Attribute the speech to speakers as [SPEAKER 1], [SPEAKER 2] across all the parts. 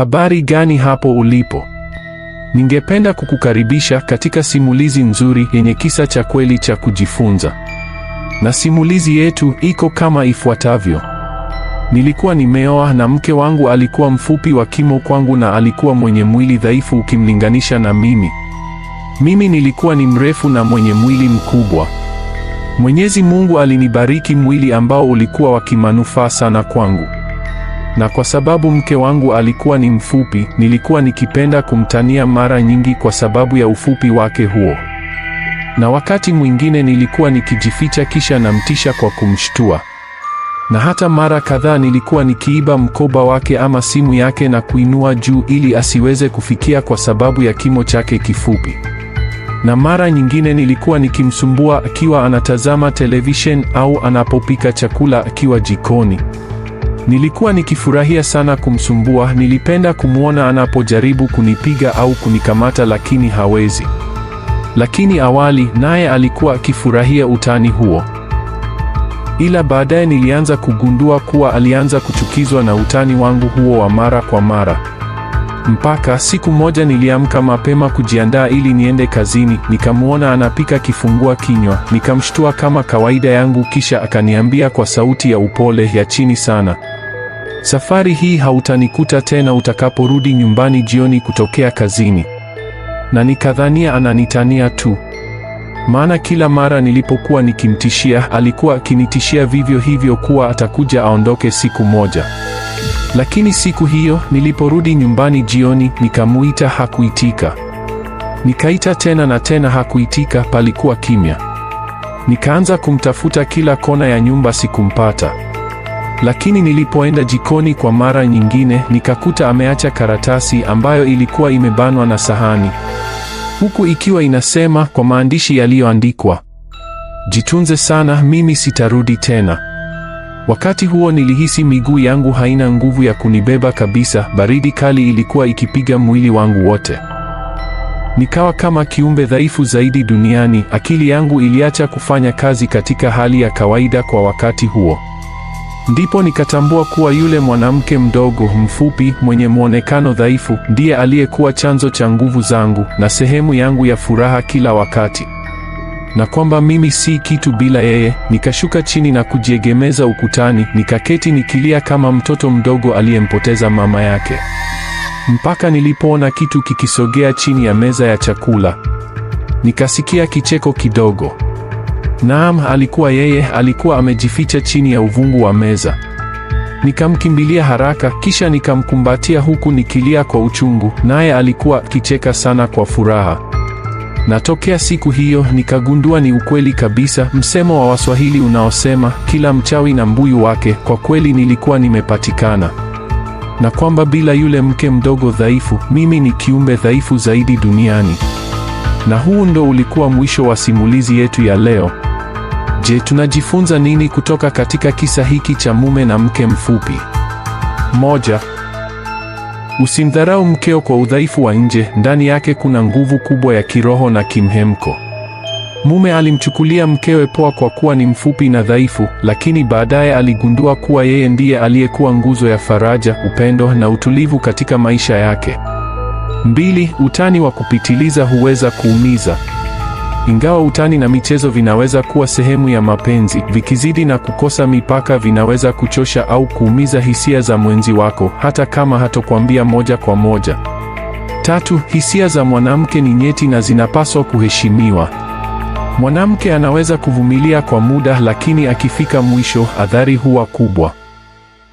[SPEAKER 1] Habari gani hapo ulipo? Ningependa kukukaribisha katika simulizi nzuri yenye kisa cha kweli cha kujifunza. Na simulizi yetu iko kama ifuatavyo. Nilikuwa nimeoa na mke wangu alikuwa mfupi wa kimo kwangu na alikuwa mwenye mwili dhaifu ukimlinganisha na mimi. Mimi nilikuwa ni mrefu na mwenye mwili mkubwa. Mwenyezi Mungu alinibariki mwili ambao ulikuwa wa kimanufaa sana kwangu. Na kwa sababu mke wangu alikuwa ni mfupi, nilikuwa nikipenda kumtania mara nyingi kwa sababu ya ufupi wake huo. Na wakati mwingine nilikuwa nikijificha kisha namtisha kwa kumshtua. Na hata mara kadhaa nilikuwa nikiiba mkoba wake ama simu yake na kuinua juu ili asiweze kufikia kwa sababu ya kimo chake kifupi. Na mara nyingine nilikuwa nikimsumbua akiwa anatazama television au anapopika chakula akiwa jikoni. Nilikuwa nikifurahia sana kumsumbua, nilipenda kumwona anapojaribu kunipiga au kunikamata lakini hawezi. Lakini awali naye alikuwa akifurahia utani huo. Ila baadaye nilianza kugundua kuwa alianza kuchukizwa na utani wangu huo wa mara kwa mara. Mpaka siku moja niliamka mapema kujiandaa ili niende kazini, nikamwona anapika kifungua kinywa, nikamshtua kama kawaida yangu, kisha akaniambia kwa sauti ya upole ya chini sana, Safari hii hautanikuta tena utakaporudi nyumbani jioni kutokea kazini. Na nikadhania ananitania tu, maana kila mara nilipokuwa nikimtishia alikuwa akinitishia vivyo hivyo kuwa atakuja aondoke siku moja. Lakini siku hiyo niliporudi nyumbani jioni, nikamuita hakuitika, nikaita tena na tena hakuitika, palikuwa kimya. Nikaanza kumtafuta kila kona ya nyumba, sikumpata. Lakini nilipoenda jikoni kwa mara nyingine, nikakuta ameacha karatasi ambayo ilikuwa imebanwa na sahani, huku ikiwa inasema kwa maandishi yaliyoandikwa, jitunze sana, mimi sitarudi tena. Wakati huo nilihisi miguu yangu haina nguvu ya kunibeba kabisa. Baridi kali ilikuwa ikipiga mwili wangu wote. Nikawa kama kiumbe dhaifu zaidi duniani. Akili yangu iliacha kufanya kazi katika hali ya kawaida kwa wakati huo. Ndipo nikatambua kuwa yule mwanamke mdogo, mfupi, mwenye mwonekano dhaifu ndiye aliyekuwa chanzo cha nguvu zangu na sehemu yangu ya furaha kila wakati, na kwamba mimi si kitu bila yeye. Nikashuka chini na kujiegemeza ukutani, nikaketi nikilia kama mtoto mdogo aliyempoteza mama yake, mpaka nilipoona kitu kikisogea chini ya meza ya chakula. Nikasikia kicheko kidogo. Naam, alikuwa yeye. Alikuwa amejificha chini ya uvungu wa meza. Nikamkimbilia haraka, kisha nikamkumbatia huku nikilia kwa uchungu, naye alikuwa akicheka sana kwa furaha. Na tokea siku hiyo nikagundua ni ukweli kabisa msemo wa Waswahili unaosema kila mchawi na mbuyu wake. Kwa kweli nilikuwa nimepatikana, na kwamba bila yule mke mdogo dhaifu, mimi ni kiumbe dhaifu zaidi duniani. Na huu ndo ulikuwa mwisho wa simulizi yetu ya leo. Je, tunajifunza nini kutoka katika kisa hiki cha mume na mke mfupi? Moja, usimdharau mkeo kwa udhaifu wa nje, ndani yake kuna nguvu kubwa ya kiroho na kimhemko. Mume alimchukulia mkewe poa kwa kuwa ni mfupi na dhaifu, lakini baadaye aligundua kuwa yeye ndiye aliyekuwa nguzo ya faraja, upendo na utulivu katika maisha yake. Mbili, utani wa kupitiliza huweza kuumiza. Ingawa utani na michezo vinaweza kuwa sehemu ya mapenzi, vikizidi na kukosa mipaka vinaweza kuchosha au kuumiza hisia za mwenzi wako, hata kama hatokwambia moja kwa moja. Tatu, hisia za mwanamke ni nyeti na zinapaswa kuheshimiwa. Mwanamke anaweza kuvumilia kwa muda, lakini akifika mwisho, athari huwa kubwa.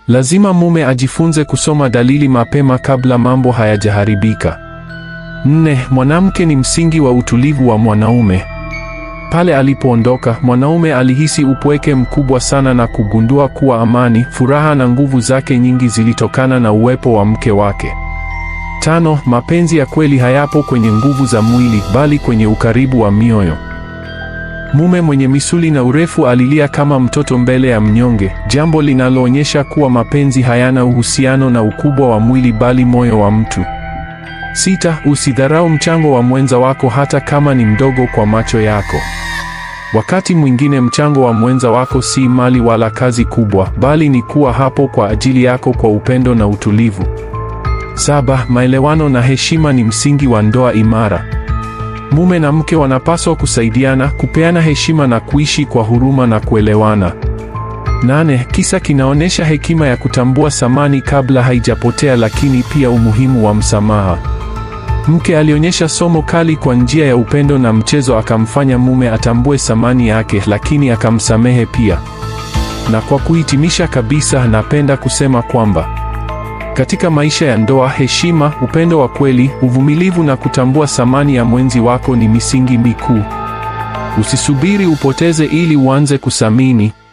[SPEAKER 1] Lazima mume ajifunze kusoma dalili mapema kabla mambo hayajaharibika. Nne, mwanamke ni msingi wa utulivu wa mwanaume. Pale alipoondoka, mwanaume alihisi upweke mkubwa sana na kugundua kuwa amani, furaha na nguvu zake nyingi zilitokana na uwepo wa mke wake. Tano, mapenzi ya kweli hayapo kwenye nguvu za mwili bali kwenye ukaribu wa mioyo. Mume mwenye misuli na urefu alilia kama mtoto mbele ya mnyonge, jambo linaloonyesha kuwa mapenzi hayana uhusiano na ukubwa wa mwili bali moyo wa mtu. Sita, usidharau mchango wa mwenza wako hata kama ni mdogo kwa macho yako. Wakati mwingine mchango wa mwenza wako si mali wala kazi kubwa, bali ni kuwa hapo kwa ajili yako kwa upendo na utulivu. Saba, maelewano na heshima ni msingi wa ndoa imara. Mume na mke wanapaswa kusaidiana, kupeana heshima na kuishi kwa huruma na kuelewana. Nane, kisa kinaonyesha hekima ya kutambua samani kabla haijapotea, lakini pia umuhimu wa msamaha. Mke alionyesha somo kali kwa njia ya upendo na mchezo, akamfanya mume atambue thamani yake, lakini akamsamehe pia. Na kwa kuhitimisha kabisa, napenda kusema kwamba katika maisha ya ndoa, heshima, upendo wa kweli, uvumilivu na kutambua thamani ya mwenzi wako ni misingi mikuu. Usisubiri upoteze ili uanze kuthamini.